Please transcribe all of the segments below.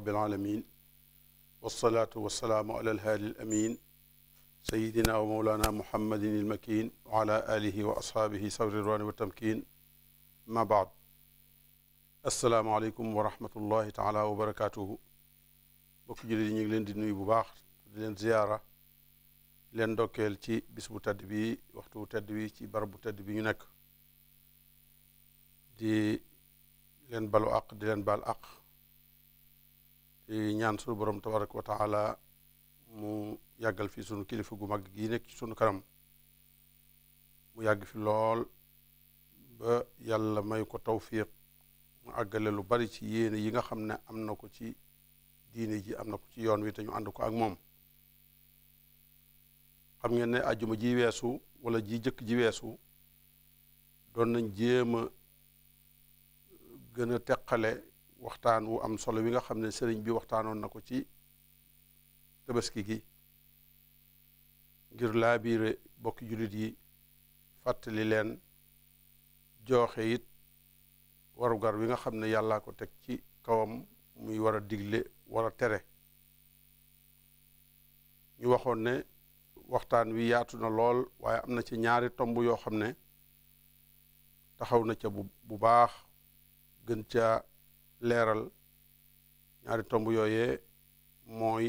rabbil aalamiin wassalaatu wassalaamu ala alhaadi alamiin sayyidina wa mawlaana muhammadin ilmakiin wa ala aalihi wa ashaabihi sawri ridwaani wa tamkiin ma baad assalaamu aleykum wa rahmatullahi taala wa barakaatuhu mbokk jullit yi ñu ngi leen di nuyu bu baax di leen ziyaara leen ndokkeel ci bis bu tedd bi waxtu bu tedd bi ci barab bu tedd bi ñu nekk di leen balu àq di leen baal àq ñaan sunu borom tabaraka wa taala mu yàggal fi sunu kilifa gu mag gi nekk ci sunu kanam mu yàgg fi lool ba yàlla may ko tawfiq mu àggale lu bari ci yéene yi nga xam ne am na ko ci diine ji am na ko ci yoon wi te ñu ànd ko ak moom xam ngeen ne àjjuma ji weesu wala ji jëkk ji weesu doon nañ jéem a gën a teqale waxtaan wu am solo wi nga xam ne sëriñ bi waxtaanoon na ko ci tabaski gi ngir laabiire bokki jullit yi fàttali leen jooxe it warugar wi nga xam ne yàllaa ko teg ci kawam muy war a digle war tere ñu waxoon ne waxtaan wi yaatu na lool waaye am na ci ñaari tomb yoo xam ne taxaw na ca bu baax gën ca leeral ñaari tomb yooyee mooy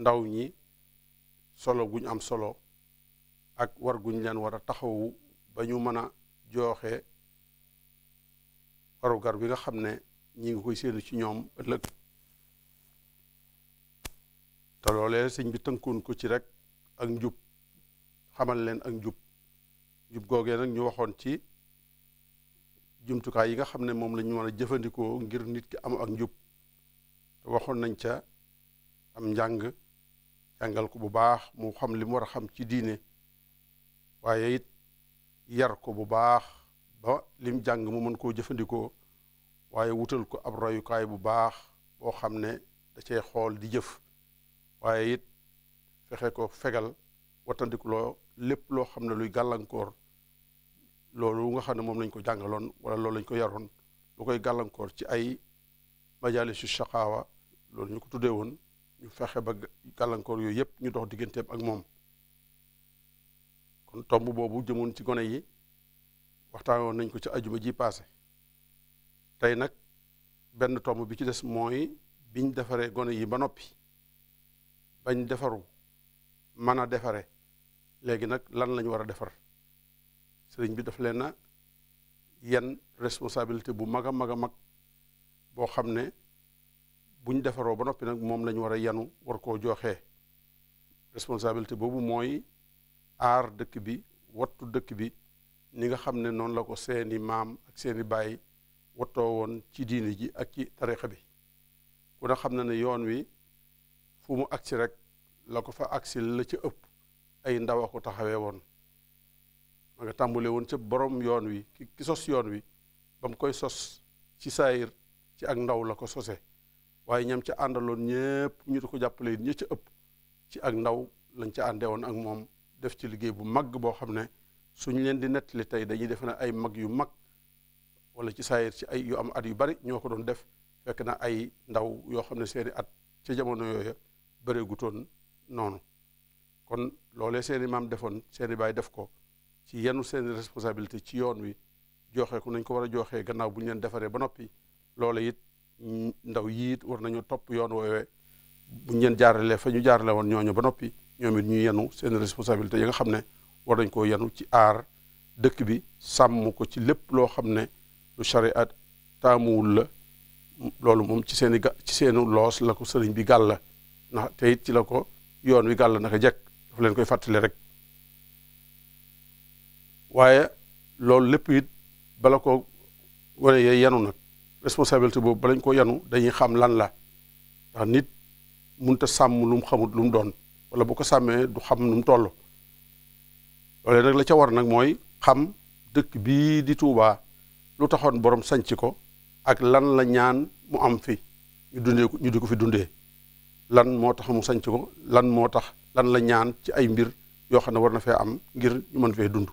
ndaw ñi solo guñ am solo ak war guñ leen war a taxawu ba ñu mën a jooxe warugar bi nga xam ne ñi ngi koy séenu ci ñoom ëllëg te loolee sëñ bi tënkoon ko ci rek ak njub xamal leen ak njub njub googee nag ñu waxoon ci jumtukaay yi nga xam ne moom la ñu a jëfandikoo ngir nit ki am ak njub te waxoon nañ ca am njàng jàngal ko bu baax mu xam lim mu war a xam ci diine waaye it yar ko bu baax ba lim jàng mu mën koo jëfandikoo waaye wutal ko ab royukaay bu baax boo xam ne da cay xool di jëf waaye it fexe ko fegal loo lépp loo xam ne luy gàllankoor loolu nga xam ne moom lañ ko jàngaloon wala loolu lañ ko yaroon lu koy gàllankoor ci ay majalisu shaqaawa loolu ñu ko tuddee woon ñu fexe ba gàllankoor yooyu yëpp ñu dox digganteem ak moom kon tomb boobu jëmoon ci gone yi waxtaan woon nañ ko ci ajuma ji paase tey nag benn tomb bi ci des mooy biñ defaree gone yi ba noppi bañ defaru mën a defare léegi nag lan lañ war a defar sëriñ bi daf leen a yan responsabilité bu mag a mag a mag boo xam ne buñ defaroo ba noppi nag moom lañ war a yanu war koo joxe responsabilité boobu mooy aar dëkk bi wattu dëkk bi ni nga xam ne noonu la ko seeni maam ak seeni baay wattoo woon ci diini ji ak ci tarixa bi ku ne xam na ne yoon wi fu mu agsi rek la ko fa agsi la ca ëpp ay ndaw a ko taxawee woon ma nga tàmbule woon ca boroom yoon wi ki sos yoon wi ba koy sos ci saayir ci ak ndaw la ko sose waaye ñam ca àndaloon ñëpp ñu di ko jàppale it ña ca ëpp ci ak ndaw lañ ca àndee woon ak moom def ci liggéey bu mag boo xam ne suñ leen di nettali tey dañuy defe ne ay mag yu mag wala ci saayir ci ay yu am at yu bari ñoo ko doon def fekk na ay ndaw yoo xam ne seeni at ca jamono yooya bëreegutoon noonu kon loole seeni maam defoon seeni baay def ko ci yenu seeni responsabilité ci yoon wi joxe ku nañ ko war a joxee gannaaw bu ñu leen defaree ba noppi loola it ndaw yi it war nañu topp yoon woowee bu ñu leen jaaralee fa ñu jaarale woon ñooñu ba noppi ñoom it ñu yenu seen responsabilité yi nga xam ne war nañ koo yenu ci aar dëkk bi sàmm ko ci lépp loo xam ne lu chariat taamuwul la loolu moom ci seen ci seenu loos la ko sëriñ bi gàll ndax te it ci la ko yoon wi gàll naka jekk dafa leen koy fàttali rek waaye loolu lépp it bala ko wala yee yanu nag responsabilité boobu balañ ko yanu dañuy xam lan la ndax nit munta sàmm lum mu xamut lu doon wala bu ko sàmmee du xam nu mu toll loolee nag la ca war nag mooy xam dëkk bii di tuubaa lu taxoon borom sanc ko ak lan la ñaan mu am fi ñu dundee ko ñu di ko fi dundee lan moo tax mu sañc ko lan moo tax lan la ñaan ci ay mbir yoo xam ne war na fee am ngir ñu mën fee dund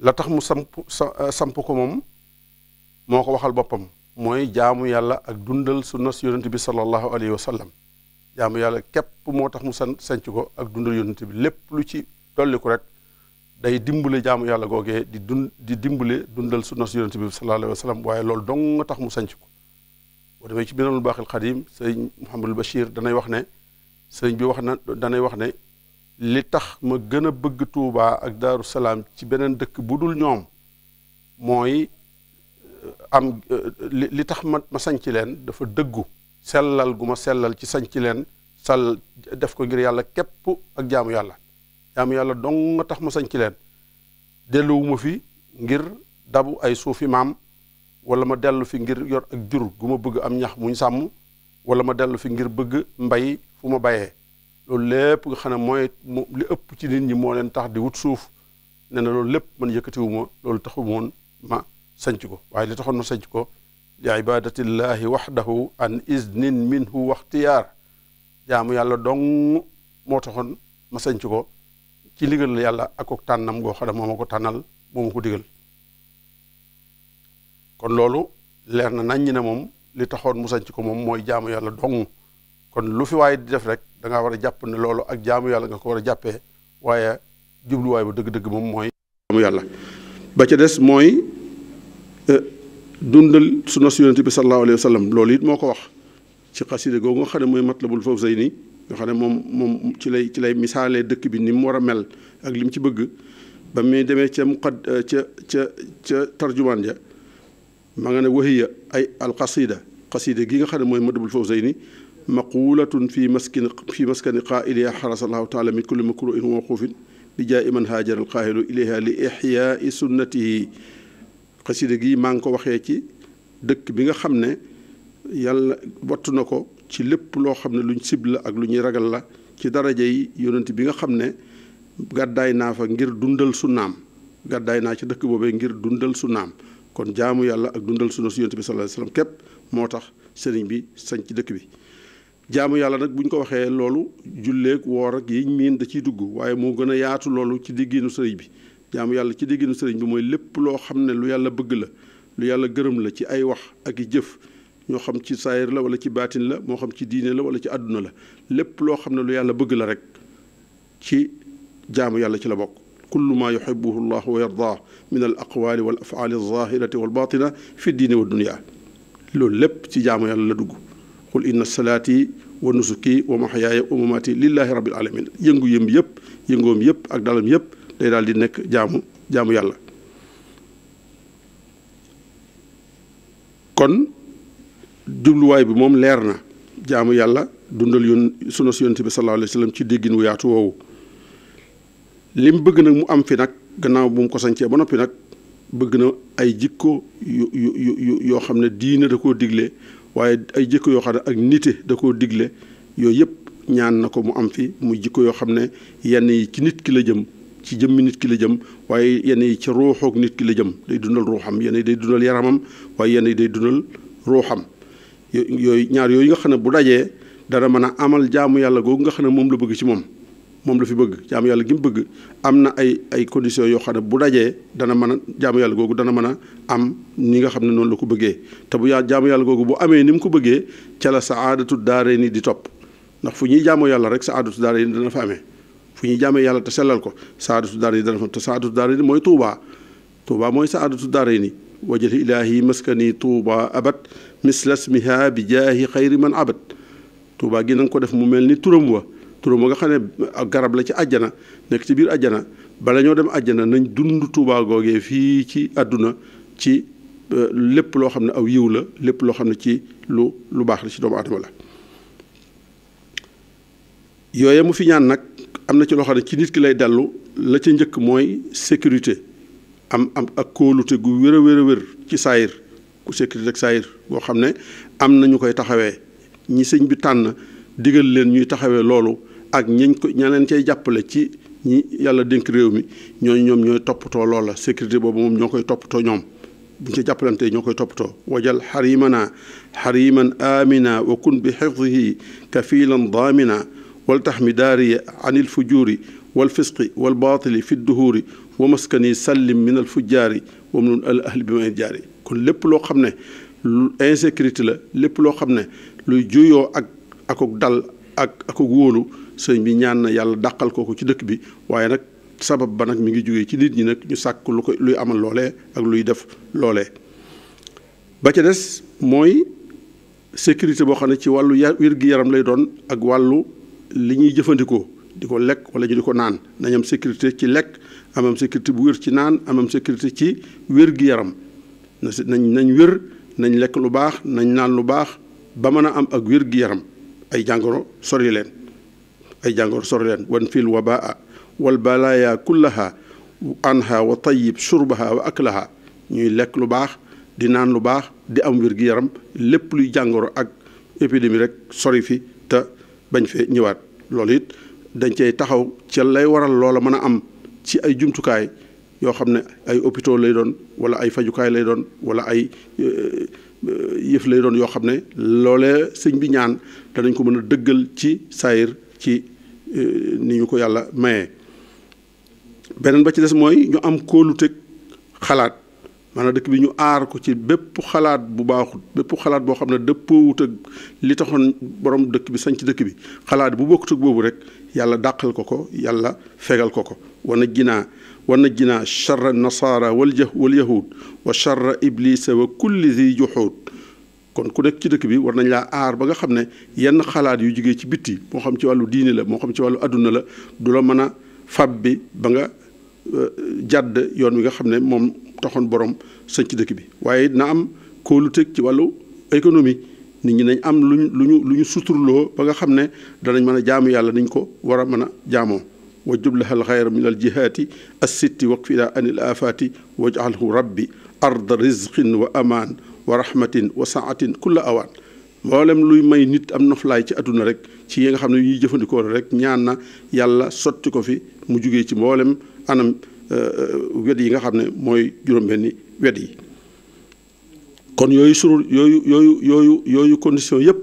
la tax mu samp eh, samp ko moom moo ko waxal boppam mooy jaamu yàlla ak dundal sunna yonent bi sallallahu alayhi wa sallam jaamu yàlla képp moo tax mu san sanc ko ak dundal yonent bi lépp lu ci dolliku rek day dimbale jaamu yàlla googee di dun di dimbale dundal sunna yonent bi sallallahu alayhi waaye loolu dong nga tax mu sanc ko boo demee ci Minanul Baaxil Xadiim sëriñ Mouhamadul Bachir danay wax ne sëriñ bi wax na danay wax ne li tax ma gën a bëgg Tuubaa ak Daaru Salaam ci beneen dëkk bu dul ñoom mooy euh, am euh, li tax ma ma sañc leen dafa dëggu sellal gu ma sellal ci sañci leen sal def ko ngir yàlla képp ak jaamu yàlla jaamu yàlla dong nga tax ma sañci leen delluwuma fi ngir dabu ay suufi maam walla ma dellu fi ngir yor ak jur gu ma bëgg am ñax muñ sàmm wala ma dellu fi ngir bëgg mbay fu ma bayee loolu lépp nga xam ne mooy li ëpp ci nit ñi moo leen tax di wut suuf nee na loolu lépp man yëkkatiwuma loolu taxu moon ma sanc ko waaye li taxoon ma sanc ko li ibadatillahi waxdahu an iznin minhu waxtiyaar jaamu yàlla dong moo taxoon ma sanc ko ci ligal la yàlla ak ko tànnam goo xam ne moom ma ko tànnal moo ko digal kon loolu leer na nañ ñi ne moom li taxoon mu sañc ko moom mooy jaamu yàlla dong kon lu fi waaye di def rek da war a jàpp ne loolu ak jaamu yàlla nga ko war a jàppee waaye jubluwaay bu dëgg-dëgg moom mooy jaamu yàlla ba ca des mooy eh, dundal sunna su yonente bi sallallahu alayhi wa sallam loolu it moo ko wax ci xaside googu nga xam ne mooy matlabul fawzayni nga xam ne moom moom ci lay ci lay misaalee dëkk bi ni mu war a mel ak li mu ci bëgg ba muy demee ca muqad eh, ca ca ca tarjumaan ja ma nga ne wahiya ay alqasida xaside gi nga xam ne mooy matlabul fawzayni maqulatun fi maskin fi maskani qaa'iliha xarasa allahu taala min kulli makruhin mawquufin bi jaa'i man haajara alqaahilu ilayha li ixyaai sunnatihi xasida gi maa ngi ko waxee ci dëkk bi nga xam ne yàlla wattu na ko ci lépp loo xam ne luñ sib la ak lu ñuy ragal la ci daraja yi yonent bi nga xam ne gàddaay naa fa ngir dundal sunnaam gàddaay naa ci dëkk boobee ngir dundal sunnaam kon jaamu yàlla ak dundal sunna su yonent bi sallallahu képp moo tax sëriñ bi sañ ci dëkk bi jaamu yàlla nag bu ñu ko waxee loolu julleek woor ak yiñ miin da ciy dugg waaye moo gën a yaatu loolu ci dégginu sëriñ bi jaamu yàlla ci dégginu sëriñ bi mooy lépp loo xam ne lu yàlla bëgg la lu yàlla gërëm la ci ay wax ak jëf ñoo xam ci saayir la wala ci baatin la moo xam ci diine la wala ci àdduna la lépp loo xam ne lu yàlla bëgg la rek ci jaamu yàlla ci la bokk kullu maa yuxibuhu llah wa yardaa min al aqwaali wal afaali alzahirati wal baatina fi diine wa dunia loolu lépp ci jaamu yàlla la dugg qul inna salaati wa nusuki wa mahyaaya wa mamaati lillahi alamin yëngu yëm yépp yëngoom yëpp ak dalam yëpp day daal nekk jaamu jaamu yàlla kon jubluwaay bi moom leer na jaamu yàlla dundal yoon sunu yonent bi sallallahu alayhi wa sallam ci déggin wu woowu lim bëgg nag mu am fi nag gannaaw bu ko sañcee ba noppi nag bëgg na ay jikko yoo xam ne diine da koo digle waaye ay jikko yoo xam ne ak nite da koo digle yooyu yëpp ñaan na ko mu am fi mu jikko yoo xam ne yenn yi ci nit ki la jëm ci jëmmi nit ki la jëm waaye yenn yi ci ruuxoog nit ki la jëm day dundal ruuxam yenn yi day dundal yaramam waaye yenn yi day dundal ruuxam yooyu ñaar yooyu nga xam ne bu dajee dana mën a amal jaamu yàlla googu nga xam ne moom la bëgg ci moom moom la fi bëgg jaamu yàlla gi mu bëgg am na ay ay conditions yoo xam ne bu dajee dana mën a jaamu yàlla googu dana mën a am ñi nga xam ne noonu la ko bëggee te bu yaa jaamu yàlla googu bu amee ni mu ko bëggee ca la saadatu daare ni di topp ndax fu ñuy jaamoo yàlla rek saadatu daare ni dana fa amee fu ñuy jaamee yàlla te sellal ko saadatu daare ni dana fa te saadatu daare ni mooy tuubaa tuubaa mooy saadatu daare ni wajati ilaahi maskani tuuba abad mislasmiha bi jaahi xayri man abad tuubaa gi na ko def mu mel ni turam wa turam ba nga xam ne garab la ci àjjana nekk ci biir àjjana bala ñoo dem àjjana nañ dund Tuubaa googee fii ci àdduna ci euh, lépp loo xam ne aw yiw la lépp loo xam ne ci lu lu baax la ci doomu aadama la yooye mu fi ñaan nag am na ci loo xam ne ci nit ki lay dellu la ci njëkk mooy sécurité am am ak kóolute gu wér a wér wér ci saayir ku sécurité ak saayir boo xam ne am na ñu koy taxawee ñi sëñ bi tànn digal leen ñuy taxawee loolu ak ñañ ko ña leen cay jàppale ci ñi yàlla dénk réew mi ñooñu ñoom ñooy toppatoo loola sécurité boobu moom ñoo koy toppatoo ñoom buñ ca jàppalantee ñoo koy toppatoo wajal xarimana xariman amina wa kun bi xifdihi kafilan daamina wal tax mi daariya anil fujuuri wal fisqi wal baatili fi duhuuri wa maskani sallim min al fujjaari wam nun al ahli bi may jaari kon lépp loo xam ne lu insécurité la lépp loo xam ne luy juuyoo ak ak dal ak akuk wóolu sëñ bi ñaan na yàlla dàqal kooku ci dëkk bi waaye nag sabab ba nag mi ngi jógee ci nit ñi nag ñu sàkk lu ko luy amal loolee ak luy def loole ba ca des mooy sécurité boo xam ne ci wàllu ya wér-gi-yaram lay doon ak wàllu li ñuy jëfandikoo di ko lekk wala ñu di ko naan nañ am sécurité ci lekk amam sécurité bu wér ci naan amam sécurité ci wér-gi-yaram na nañ nañ wér nañ lekk lu baax nañ naan lu baax ba mën a am ak wér-gi-yaram ay jàngoro sori leen. ay jàngoro sori leen wan fil wabaa wal balaya kullaha anha wa tayyib shurbaha wa aklaha ñuy lekk lu baax di naan lu baax di am wér gi yaram lépp luy jàngoro ak épidémie rek sori fi te bañ fee ñëwaat loolu it dañ cay taxaw ci lay waral loola mën a am ci ay jumtukaay yoo xam ne ay hôpitaux lay doon wala ay fajukaay lay doon wala ay e, e, yëf lay doon yoo xam ne loolee sëñ bi ñaan danañ ko mën a dëggal ci saayir ci euh, ni ñu ko yàlla mayee beneen ba ci des mooy ñu am kóoluteg xalaat maanaam dëkk bi ñu aar ko ci bépp xalaat bu baaxut bépp xalaat boo xam ne dëppoowut ak li taxoon borom dëkk bi sañ ci dëkk bi xalaat bu bokkut ak boobu rek yàlla dàqal ko ko yàlla fegal ko ko war na jinaa wana jinaa charra nasara wal jah wal yahud wa charra iblisa wa kulli zi juxuud kon ku nekk ci dëkk bi war nañ laa aar ba nga xam ne yenn xalaat yu jugee ci bitti moo xam ci wàllu diine la moo xam ci wàllu adduna la du la mën a fab bi ba nga euh, jàdd yoon wi nga xam ne moom taxoon borom sëñ ci dëkk bi waaye na am kóoluteg ci wàllu économie nit ñi nañ am lu ñu lu ñu lu ñu suturloo ba nga xam ne danañ mën a jaamu yàlla niñ ko war a mën a jaamoo wajub lahal xayra min al jihaati as sitti waqfi ila anil afaati waj'alhu rabbi arda rizqin wa amaan wa rahmatin wa saatin kulla awaan mboolem luy may nit am noflaay ci àdduna rek ci yi nga xam ne yuy jëfandikoo rek ñaan na yàlla sotti ko fi mu jugee ci mboolem anam euh, euh, wet yi nga xam ne mooy juróom-benni wet yi kon yooyu surul yooyu yooyu yooyu yooyu condition yëpp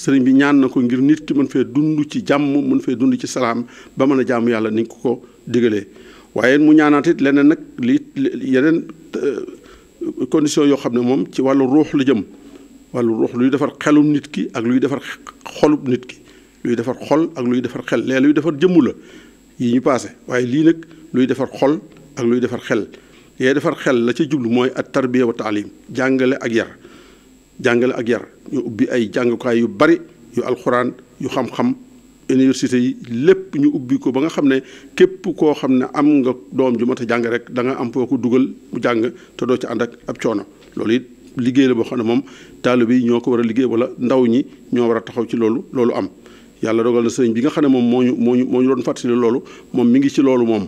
sëriñ bi ñaan na ko ngir nit ki mën fee dund ci jàmm mën fee dund ci salaam ba mën a jaamu yàlla ni ko ko digalee waaye mu ñaanaat leneen nag li yeneen euh, condition yoo xam ne moom ci wàllu ruux la jëm wàllu ruux luy defar xelum nit ki ak luy defar xolub nit ki luy defar xol ak luy defar xel lee luy defar jëmmu la yi ñu paase waaye lii nag luy defar xol ak luy defar xel yee defar xel la ci jublu mooy at tarbiya wa taalim jàngale ak yar jàngale ak yar ñu ubbi ay jàngukaay yu bari yu alxuraan yu xam-xam université yi lépp ñu ubbi ko ba nga xam ne képp koo xam ne am nga doom ju mat a jàng rek da nga am foo ko dugal mu jàng te doo ci ànd ak ab coono loolu it liggéey la boo xam ne moom taalibe yi ñoo ko war a liggéey wala ndaw ñi ñoo war a taxaw ci loolu loolu am yàlla dogal na sëriñ bi nga xam ne moom moo ñu moo ñu moo ñu doon fàttali loolu moom mi ngi ci loolu moom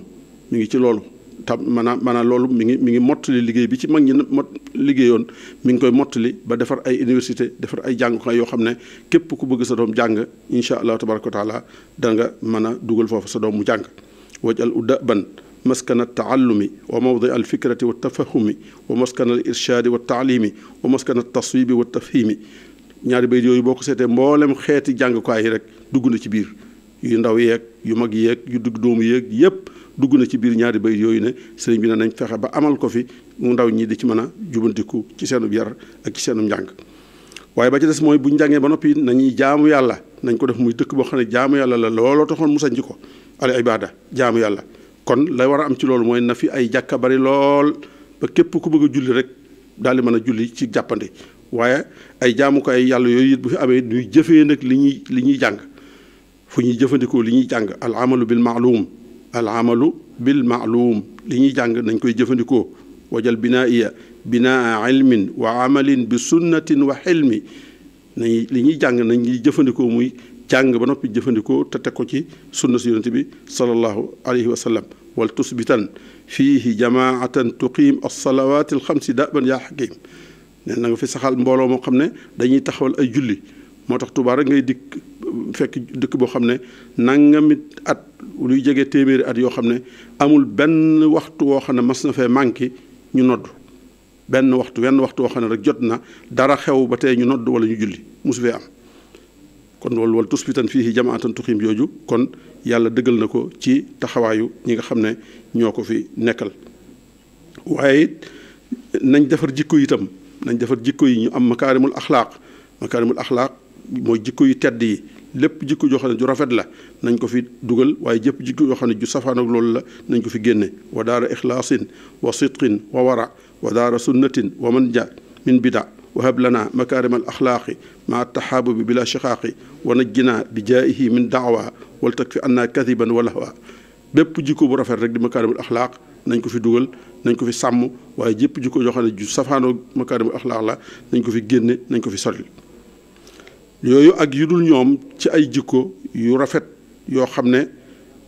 mu ngi ci loolu tam maanaam maanaam loolu mi ngi mi ngi mottali liggéey bi ci mag ñi mot liggéeyoon mi ngi koy mottali ba defar ay université defar ay jàngukaay yoo xam ne képp ku bëgg sa doom jàng incha allah tabaraka wa taala da nga mën a dugal foofu sa doom mu jàng wajal udda ban maskana taallumi wa mawdi al fikrati wa tafahumi wa maskana al irshaadi wa taalimi wa maskana taswibi wa tafhimi ñaari bayt yooyu boo ko seetee mbooleem xeeti jàngukaay yi rek dugg na ci biir yu ndaw yeeg yu mag yeeg yu dugg doomu yeeg yépp dugg na ci biir ñaari bay yooyu ne sëriñ bi ne nañ fexe ba amal ko fi mu ndaw ñi di ci mën a jubantiku ci seenub yar ak ci seenub njàng waaye ba ci des mooy bu njàngee ba noppi nañuy jaamu yàlla nañ ko def muy dëkk boo xam ne jaamu yàlla la looloo taxoon mu sanc ko al ibada jaamu yàlla kon lay war a am ci loolu mooy na fi ay jàkka bari lool ba képp ku bëgg a julli rek daal di mën a julli ci jàppandi waaye ay jaamu ko ay yàlla yooyu it bu fi amee ñuy jëfee nag li ñuy li ñuy jàng fu ñuy jëfandikoo li ñuy jàng al amalu bil maalum al amalu bil maalum li ñuy jàng nañ koy jëfandikoo wajal binaiya binaa ilmin wa amalin bi sunnatin wa xilmi nañ li ñuy jàng nañ ñuy jëfandikoo muy jàng ba noppi jëfandikoo te teg ko ci sunna si yonente bi sallallahu alayhi wa sallam wal tusbitan fiihi jamaatan tuqiim alsalawat alxamsi daban yaa xakim nee na nga fi saxal mbooloo moo xam ne dañuy taxawal ay julli moo tax Tuubaa rek ngay dikk fekk dëkk boo xam ne nangamit at luy jege téeméeri at yoo xam ne amul benn waxtu woo xam ne mas na fee manqué ñu nodd benn waxtu wenn waxtu woo xam ne rek jot na dara xew ba tey ñu nodd wala ñu julli mosu fee am kon loolu wala tusbitan fii jamaatan tuxim jooju kon yàlla dëggal na ko ci taxawaayu ñi nga xam ne ñoo ko fi nekkal waaye nañ defar jikko itam nañ defar jikko yi ñu am makaarimul axlaaq makaarimul axlaaq mooy jikko yu tedd yi lépp jikko joo xam ju rafet la nañ ko fi dugal waaye jëpp jikko yoo xam ne ju safaan ak loolu la nañ ko fi génne wa daara ixlaasin wa sidqin wa wara wa daara sunnatin wa man ja min bida wa hab lana makaarima al axlaaqi maa taxaabubi bila shiqaaqi wa najjina bi jaayihi min daawa wal tak fi annaa kadiban wa lahwa bépp jikko bu rafet rek di makaarimul axlaaq nañ ko fi dugal nañ ko fi sàmm waaye jëpp jikko joo xam ne ju safaanoo makaarimul la nañ ko fi génne nañ ko fi solil yooyu ak yu dul ñoom ci ay jikko yu rafet yoo xam ne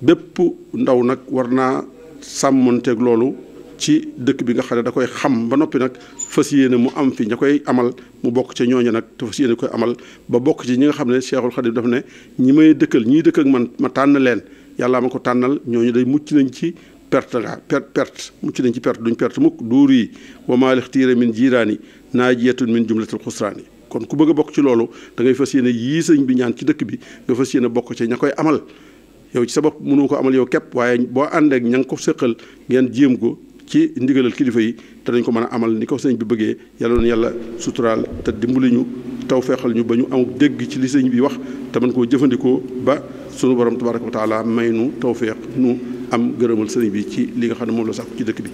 bépp ndaw nag war naa sàmmoon sàmmonteeg loolu ci dëkk bi nga xam ne da koy xam ba noppi nag fas yéene mu am fi ña koy amal mu bokk ca ñooñu nag te fas yéene koy amal ba bokk ci ñi nga xam ne Cheikhul Khadim daf ne ñi may dëkkal ñiy dëkk ak man ma tànn leen yàlla ma ko tànnal ñoo ñu day mucc nañ ci perte nga perte perte mucc nañ ci perte duñ perte mukk duur yi wa maalix tiire min jiiraani naajiyatun min jumlatil xusraani kon ku bëgg a bokk ci loolu dangay fas yéene yii sëñ bi ñaan ci dëkk bi nga fas yéene bokk ci ña koy amal yow ci sa bopp mënoo ko amal yow képp waaye boo àndeek ña nga ko sëqal ngeen jéem ko ci ndigalal kilifa yi te dañ ko mën a amal ni ko sëñ bi bëggee yàlla na yàlla suturaal te dimb dimbali ñu taw feexal ñu ba ñu am dégg ci li sëñ bi wax te mën koo jëfandikoo ba sunu borom tabaraka wa taala may nu taw feex nu am gërëmal sëriñ bi ci li nga xam ne moom la ci dëkk bi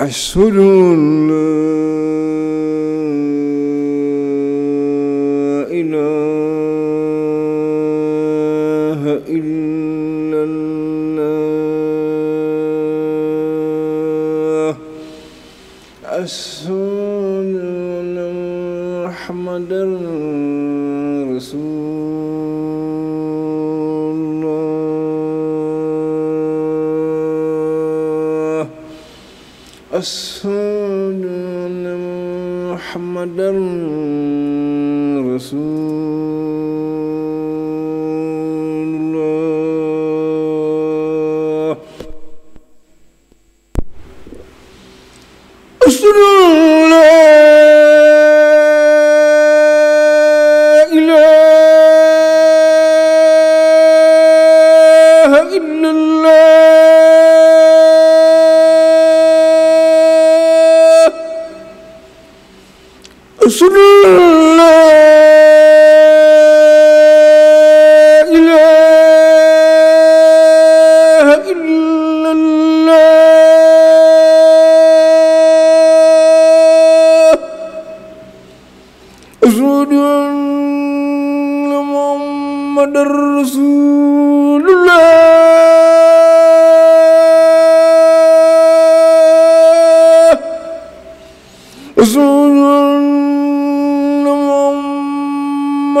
أشهد أن لا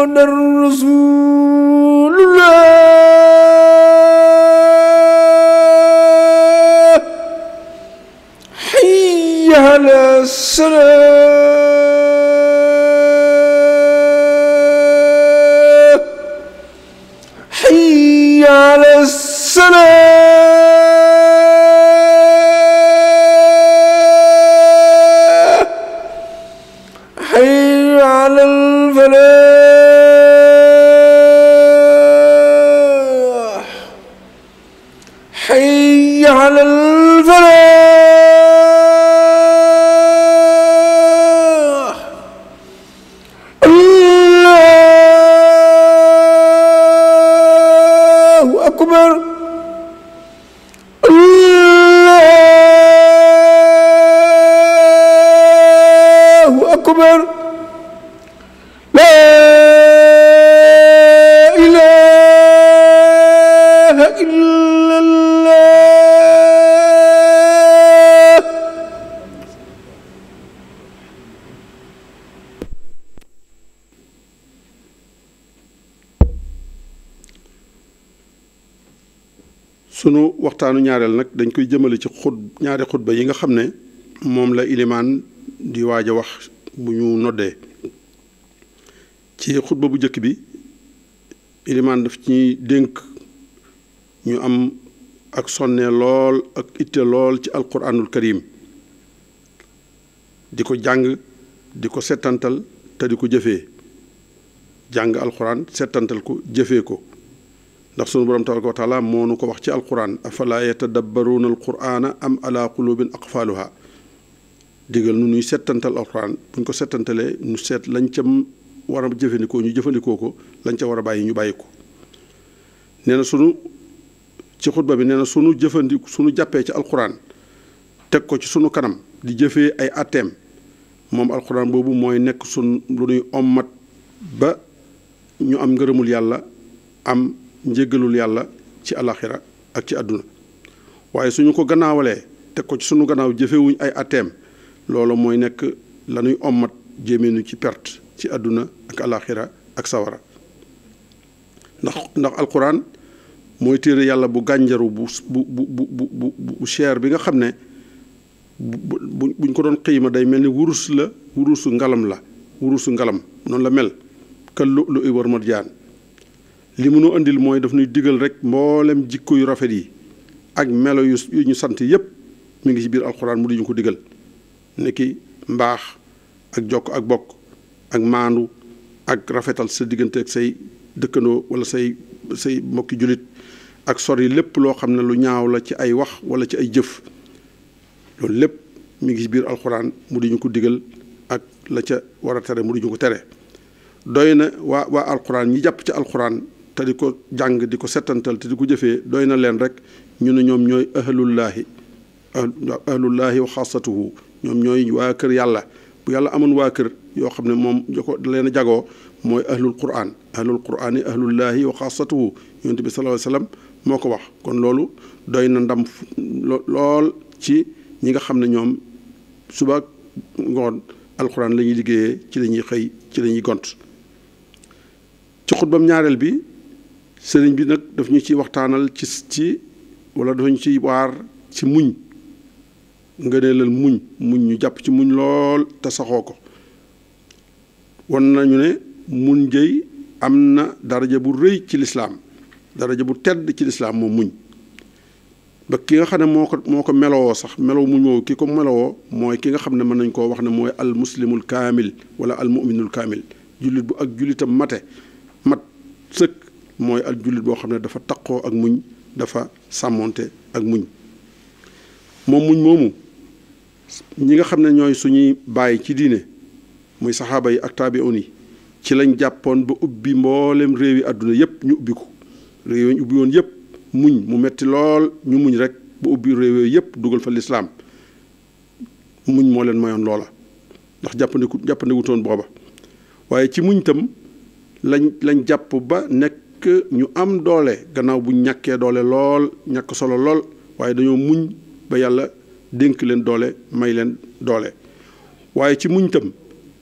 محمد رسول الله حي على السلام ñaareel nag dañ koy jëmale ci xut ñaari xutba yi nga xam ne moom la ilimaan di waaj a wax bu ñu noddee ci xutba bu njëkk bi ilimaan daf ci dénk ñu am ak sonne lool ak itte lool ci alquranul karim di ko jàng di ko setantal te di ko jëfee jàng alxuraan settantal ko jëfee ko ndax sunu borom tabaraka wa taala moo nu ko wax ci alquran afala yatadabbaruuna alqurana am ala qulubin aqfaluha digal nu nuy settantal alquran buñ ko settantalee nu seet lañ ca war jëfandikoo ñu jëfandikoo ko lañ ca war a bàyyi ñu bàyyi ko nee na sunu ci xutba bi nee na sunu jëfandiku sunu jàppee ci alquran teg ko ci sunu kanam di jëfee ay atteem moom alquran boobu mooy nekk sun lu nuy ommat ba ñu am ngërëmul yàlla am njéggalul yàlla ci alaxira ak ci àdduna waaye suñu ko gannaawalee teg ko ci sunu gannaaw jëfewuñ ay ateem loolu mooy nekk lanuy ommat jéemeenu ci perte ci àdduna ak alaxira ak sawara ndax ndax alquran mooy téere yàlla bu gànjaru bu bu bu bu bu bi nga xam ne bu buñ ko doon xiima day mel ni wurus la wurusu ngalam la wurusu ngalam noonu la mel kal lu lu i war li mu indil mooy daf nuy digal rek mbooleem jikko yu rafet yi ak melo yu yu ñu sant yépp mi ngi ci biir alxuraan mu di ko digal niki mbaax ak jokk ak bokk ak maandu ak rafetal sa diggante ak say dëkkandoo wala say say mbokki jullit ak sori lépp loo xam ne lu ñaaw la ci ay wax wala ci ay jëf loolu lépp mi ngi ci biir alxuraan mu di ñu ko digal ak la ca war a tere mu di ñu ko tere doy na waa waa alxuraan ñi jàpp ci alxuraan te di ko jàng di ko settantal te di ko jëfee doy na leen rek ñu ne ñoom ñooy ahlullaahi ahlullaahi wa xaasatuhu ñoom ñooy waa kër yàlla bu yàlla amoon waa kër yoo xam ne moom ko leen a jagoo mooy ahlul quraan ahlul quraan yi ahlullaahi wa xaasatuhu yonent bi sallallahu alayhi wasallam moo ko wax kon loolu doy na ndam lool ci ñi nga xam ne ñoom suba ngoon alxuraan la ñuy liggéeyee ci lañuy xëy ci lañuy ñuy gont ci xutbam ñaareel bi sëriñ bi nag daf ñu ci waxtaanal ci ci wala dafa ñu ci waar ci muñ nga ne muñ muñ ñu jàpp ci muñ lool te saxoo ko wan nañu ne mun jëy am na daraja bu rëy ci lislaam daraja bu tedd ci lislaam moom muñ ba ki nga xam ne moo ko moo ko melowoo sax melow mu woowu ki ko melowoo mooy ki nga xam ne mën nañ koo wax ne mooy al muslimul kaamil wala al muminul kaamil jullit bu ak jullitam mate mat sëkk mooy ak jullit boo xam ne dafa taqoo ak muñ dafa sàmmoonte ak muñ moom muñ moomu ñi nga xam ne ñooy suñuy bàyyi ci diine muy saxaaba yi ak taabi'un yi ci lañ jàppoon ba ubbi mboolem réew yi àdduna yépp ñu ubbiku ko réew yi ñu ubbi woon yépp muñ mu metti lool ñu muñ rek ba ubbi réew yooyu yépp dugal fa lislaam muñ moo leen mayoon loola ndax jàppandiku jàppandiku toon booba waaye ci muñ tam lañ lañ jàpp ba nekk que ñu am doole gannaaw bu ñàkkee doole lool ñàkk solo lool waaye dañoo muñ ba yàlla dénk leen doole may leen doole waaye ci muñ tam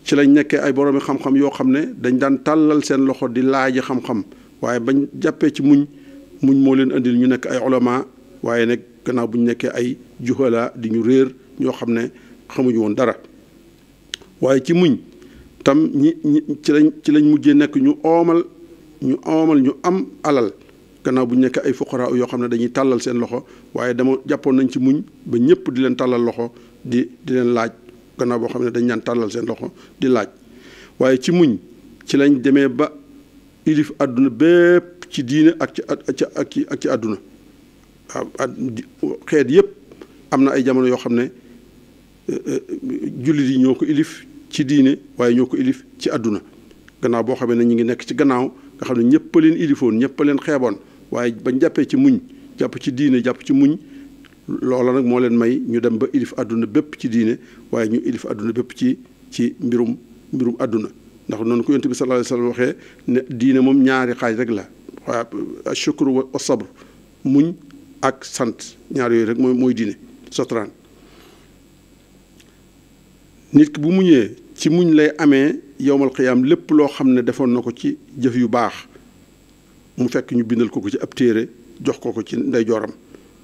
ci lañ nekkee ay boroomi xam yoo xam ne dañ daan tàllal seen loxo di laaji xam waaye bañ jàppee ci muñ muñ moo leen indil ñu nekk ay ulama waaye nag gannaaw bu nekkee ay juhala di ñu réer ñoo xam ne xamuñu woon dara waaye ci ci lañ ci lañ mujjee nekk ñu oomal ñu amal ñu am alal gannaaw bu ñu nekk ay fuqaraa yoo xam ne dañuy tàllal seen loxo waaye dama jàppoon nañ ci muñ ba ñëpp di leen tàllal loxo di di leen laaj gannaaw boo xam ne dañ ñaan tàllal seen loxo di laaj waaye ci muñ ci lañ demee ba ilif àdduna bépp ci diine ak ci ak ci ak ci àdduna xeet yépp am na ay jamono yoo xam ne euh, euh, jullit yi ñoo ko ilif ci diine waaye ñoo ko ilif ci àdduna gannaaw boo xamee ne ñu ngi nekk ci gannaaw nga xam ne ñëpp leen ilifoon ñëpp leen xeeboon waaye bañ jàppee ci muñ jàpp ci diine jàpp ci muñ loola nag moo leen may ñu dem ba ilif àdduna bépp ci diine waaye ñu ilif àdduna bépp ci ci mbirum mbirum àdduna ndax noonu ko yonent bi sallallahu waxee ne diine moom ñaari xaaj rek la waaye ashukru wa sabr muñ ak sant ñaar yooyu rek mooy mooy diine sotraan nit ki bu muñee ci muñ lay amee yowmal qiyaam lépp loo xam ne defoon na ko ci jëf yu baax mu fekk ñu bindal ko ko ci ab téere jox ko ko ci ndeyjooram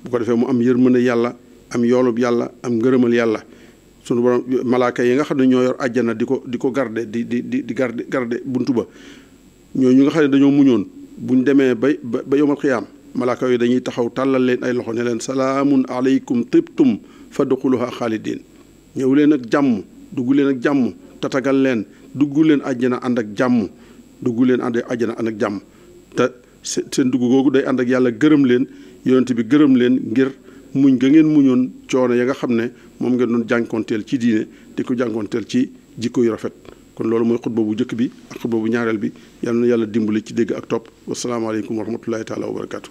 bu ko defee mu am mën yërmande yàlla am yoolub yàlla am ngërëmal yàlla sunu borom malaaka yi nga xam ne ñoo yor àjjana di ko di ko garde di di di di garde garde bunt ba ñoo ñu nga xam ne dañoo muñoon ñu demee ba ba yowmal qiyaam malaaka yooyu dañuy taxaw tàllal leen ay loxo ne leen salaamun aleykum tibtum fadxuluha xaalidin ñëw leen ak jàmm dugg leen ak jàmm tatagal leen dugg leen àjjana ànd ak jàmm dugg leen ànd àjjana ànd ak jàmm te seen dugg googu day ànd ak yàlla gërëm leen yonent bi gërëm leen ngir muñ ga ngeen muñoon coono ya nga xam ne moom ngeen doon jànkoonteel ci diine di ko jànkoonteel ci jikko yu rafet kon loolu mooy xutba bu njëkk bi ak xutba bu ñaareel bi yal na yàlla dimbali ci dégg ak topp wasalaamaaleykum wa rahmatullahi taala wa barakaatu.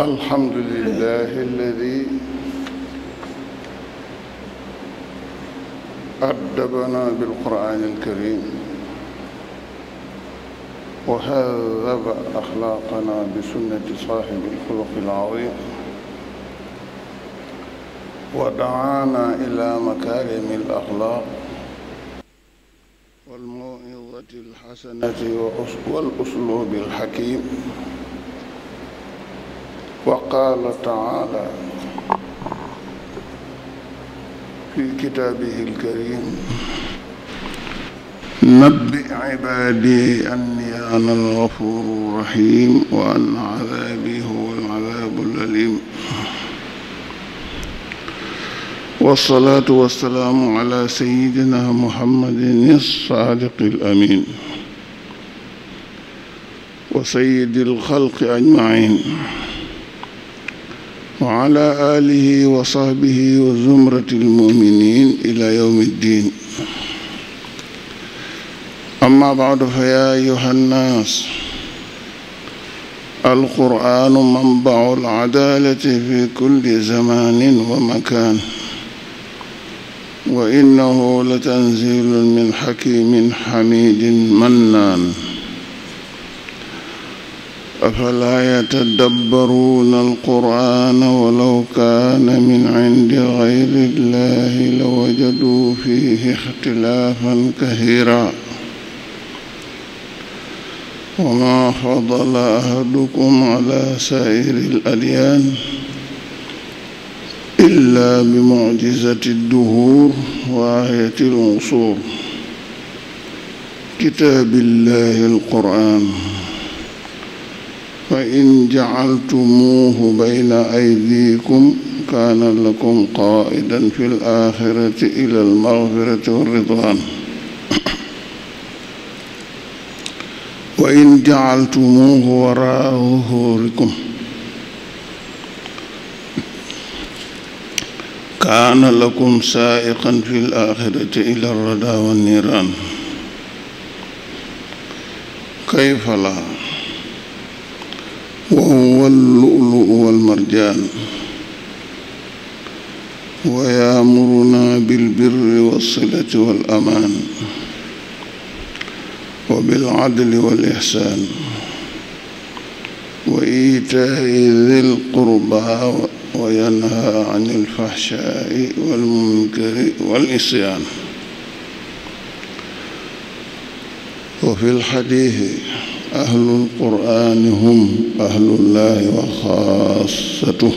الحمد لله الذي أدبنا بالقرآن الكريم وهذب أخلاقنا بسنة صاحب الخلق العظيم ودعانا إلى مكارم الأخلاق والموعظة الحسنة والأسلوب الحكيم قال تعالى في كتابه الكريم نبئ عبادي أني أنا الغفور الرحيم وأن عذابي هو العذاب الأليم والصلاة والسلام على سيدنا محمد الصادق الأمين وسيد الخلق أجمعين wa ala alihi wa sahbihi wa zumratil mu'minin ila yawmi ddin amma ba'du fa ya ayyuha nnaas القرآن منبع العدالة في كل زمان ومكان وإنه لتنزيل من حكيم حميد منان afalaa yatadabbaruuna alqur'aana walaw kaana min cindi gayri llaahi la wajaduu fiihi ixtilaafan kasiiran wa maa fadala ahadukum calaa saa'iri aladyaan illaa bimucjizati dduhuur wa aayati lqusuur kitaabi llaahi alqur'aan فإن جعلتموه بين أيديكم كان لكم قائدا في الآخرة إلى المغفرة والرضوان وإن جعلتموه وراء ظهوركم كان لكم سائقا في الآخرة إلى الردى والنيران كيف لا وهو اللؤلؤ والمرجان ويامرنا بالبر والصلة والأمان وبالعدل والإحسان وإيتاء ذي القربى وينهى عن الفحشاء والمنكر والعصيان وفي الحديث ahlul quraani hum ahlullaahi wa xaasatu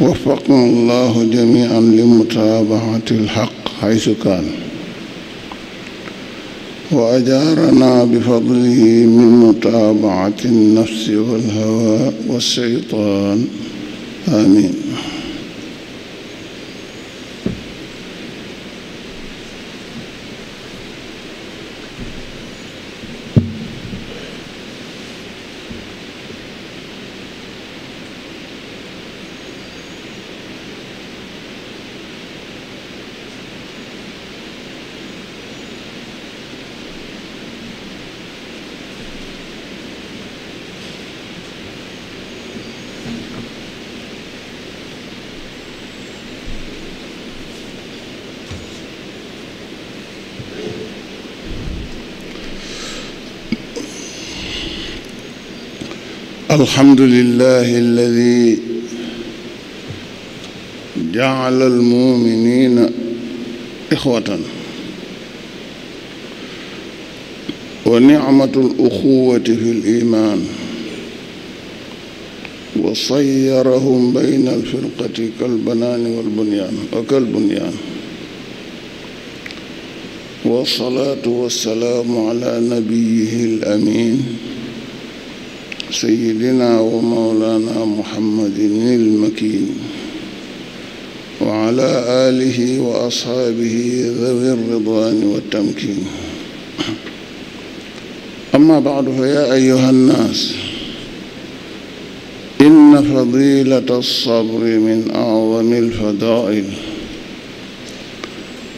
waffaqna allahu jamian li mutaabaati alxaq xaysu kaan wa ajaarana bifadlihi min mutaabaati annafsi walhawa walseytaan amin الحمد لله الذي جعل المؤمنين إخوة ونعمة الأخوة في الإيمان وصيرهم بين الفرقة كالبنان والبنيان وكالبنيان والصلاة والسلام على نبيه الأمين سيدنا ومولانا محمد المكين وعلى آله وأصحابه ذوي الرضوان والتمكين أما بعد فيا أيها الناس إن فضيلة الصبر من أعظم الفضائل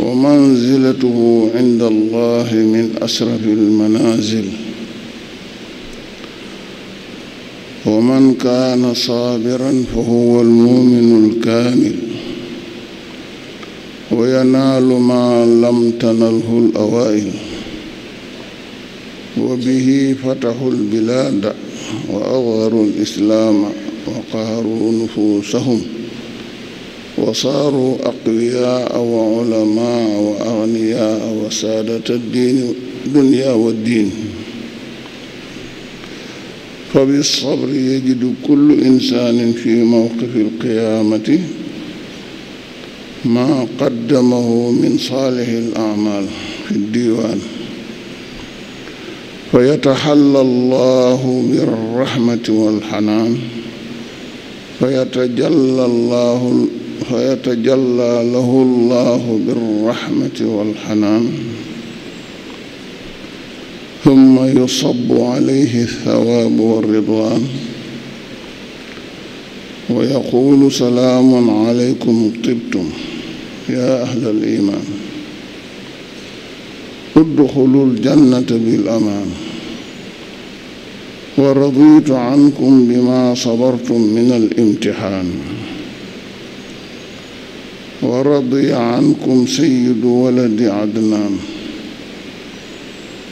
ومنزلته عند الله من أشرف المنازل ومن كان صابرا فهو المؤمن الكامل وينال ما لم تنله الأوائل وبه فتحوا البلاد وأظهروا الإسلام وقهروا نفوسهم وصاروا أقوياء وعلماء وأغنياء وسادة الدين الدنيا والدين فبالصبر يجد كل إنسان في موقف القيامة ما قدمه من صالح الأعمال في الديوان فيتحلى الله بالرحمة والحنان فيتجلى الله فيتجلى له الله بالرحمة والحنان ثم يصب عليه الثواب والرضوان ويقول سلام عليكم طبتم يا أهل الإيمان ادخلوا الجنة بالأمان ورضيت عنكم بما صبرتم من الامتحان ورضي عنكم سيد ولد عدنان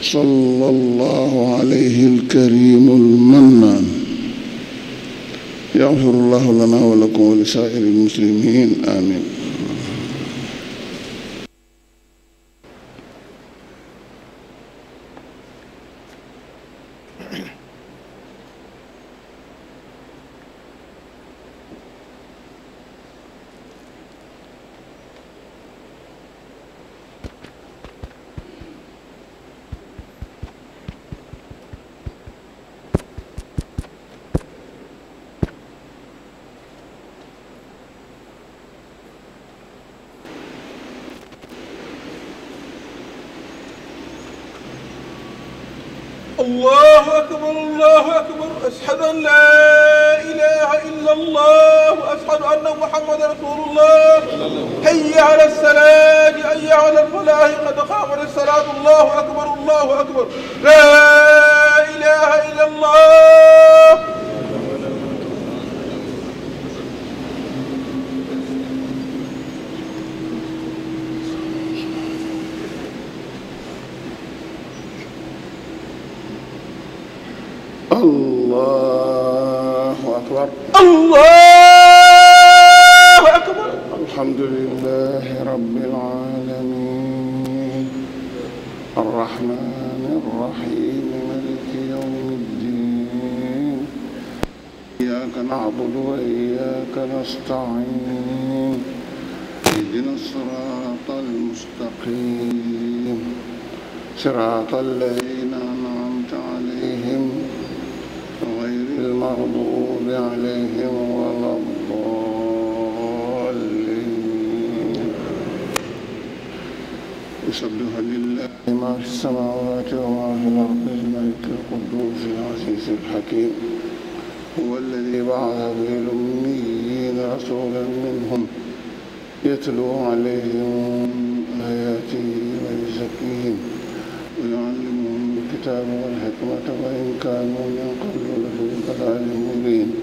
صلى الله عليه الكريم المنان يغفر الله لنا ولكم ولسائر المسلمين آمين allahu akbar allahu akbar alhamdulillahi rabbil alamin arrahmani arrahim maliki yawmiddin iyyaka na'budu wa iyyaka nasta'in ihdina as-sirata al-mustaqim sirata عليهم ولا الضالين يسبح لله ما في السماوات وما في الأرض الملك القدوس العزيز الحكيم هو الذي بعث في الأميين رسولا منهم يتلو عليهم آياته ويزكيهم ويعلمهم الكتاب والحكمة وإن كانوا من قبل لفي ضلال مبين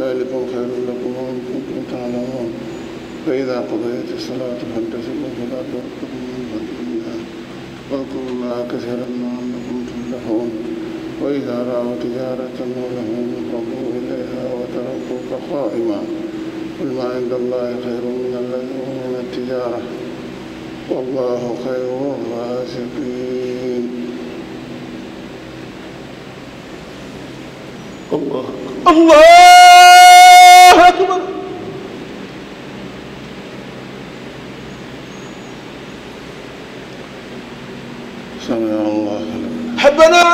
ذلكم خير لكم إن كنتم تعلمون فإذا قضيت الصلاة فانتشروا فلا تركبوا من ذكر الله واذكروا الله كثيرا لعلكم تفلحون وإذا رأوا تجارة ولهم انقضوا إليها وتركوك قائما قل ما عند الله خير من الذي من التجارة والله خير الرازقين الله الله ربنا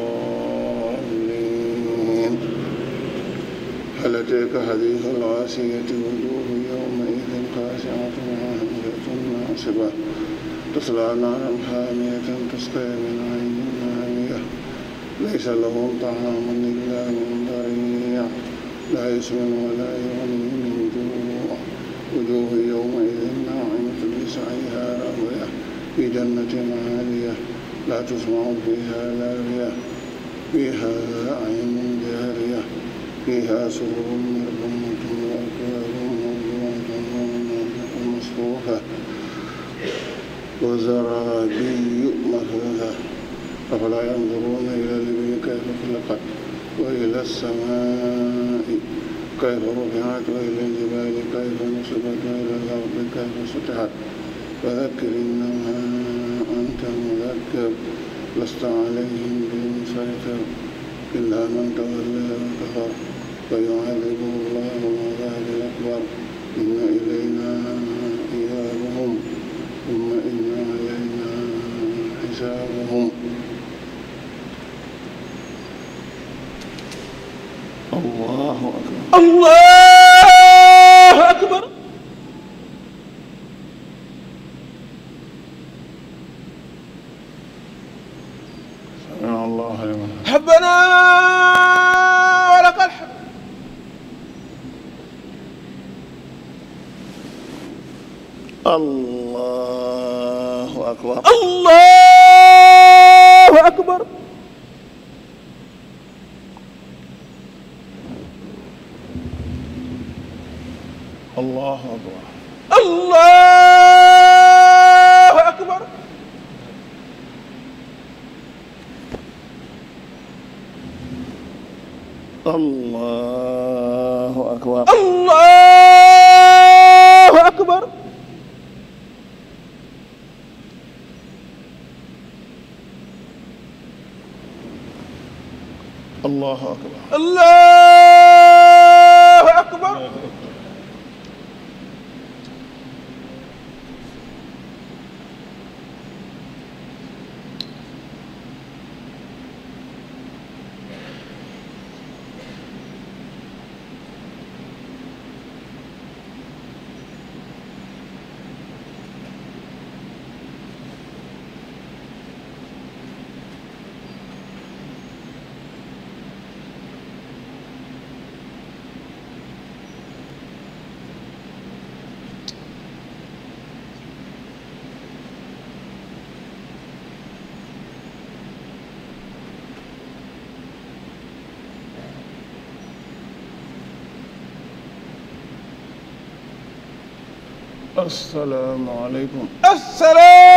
هل أتيك حديث الغاسية وجوه يومئذ خاشعة عاملة ناصبة تصلى نارا حامية تسقى من عين آنية ليس لهم طعام إلا من ضريع لا يسمن ولا يغني من جوع وجوه يومئذ ناعمة لسعيها راضية في جنة عالية لا تسمع فيها لاغية فيها عين جارية فيها سرر مرضية وأكواب موضوعة ومنابع مصفوفة وزرابي مهولة أفلا ينظرون إلى الإبل كيف خلقت وإلى السماء كيف رفعت وإلى الجبال كيف نصبت وإلى الأرض كيف سطحت فذكر إنما أنت مذكر لست عليهم بمسيطر إلا من تولى وكفر فيعذبه الله العذاب الأكبر ثم إلينا إيابهم ثم إن علينا حسابهم الله أكبر الله allahu akbar allah asalaamaaleykum. asalaamaaleykum.